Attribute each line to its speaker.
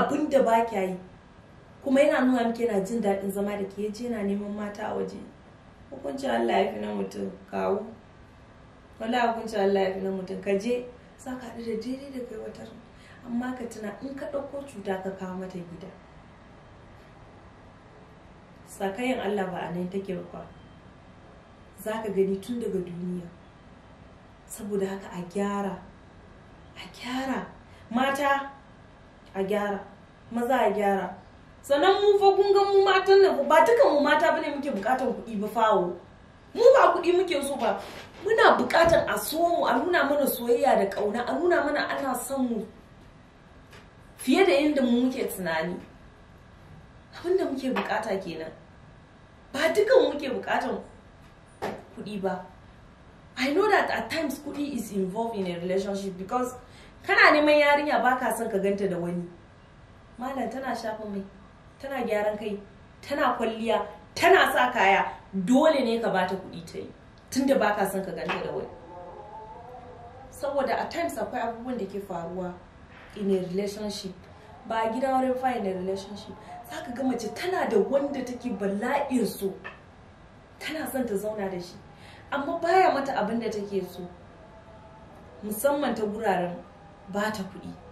Speaker 1: abin da ba kya yi kuma yana nuna miki yana jin daɗin zama da ke je yana neman mata a waje hukuncin Allah ya fi na mutum kawo wala hukunci Allah ya fi na mutum ka je
Speaker 2: za ka haɗu da daidai da kai wata amma ka tuna in ka
Speaker 1: ɗauko cuta ka kawo mata gida sakayin Allah ba a nan take ba za ka gani tun daga duniya saboda haka a gyara a gyara mata a gyara maza a gyara sannan mu fa kun ga mu matan nan ba dukan mu mata bane muke bukatar kuɗi ba fawo mu ba kuɗi muke so ba muna bukatar a so mu a nuna mana soyayya da ƙauna a nuna mana ana son mu fiye da yadda mu muke tunani abin da muke bukata kenan ba dukan muke bukatan kuɗi ba i know that at times kuɗi is involved in a relationship because kana neman yarinya ba ka son ka ganta da wani
Speaker 3: malam tana shafa mai tana gyaran kai
Speaker 1: tana kwalliya tana sa kaya dole ne ka bata kuɗi ta yi tunda ba ka son ka ganta da wani saboda a times akwai abubuwan da ke faruwa in a relationship ba a gida wurin in a relationship za ka ga mace tana da wanda take bala'in so tana son ta zauna da shi amma baya mata abin da take so musamman ta guraren ba ta kuɗi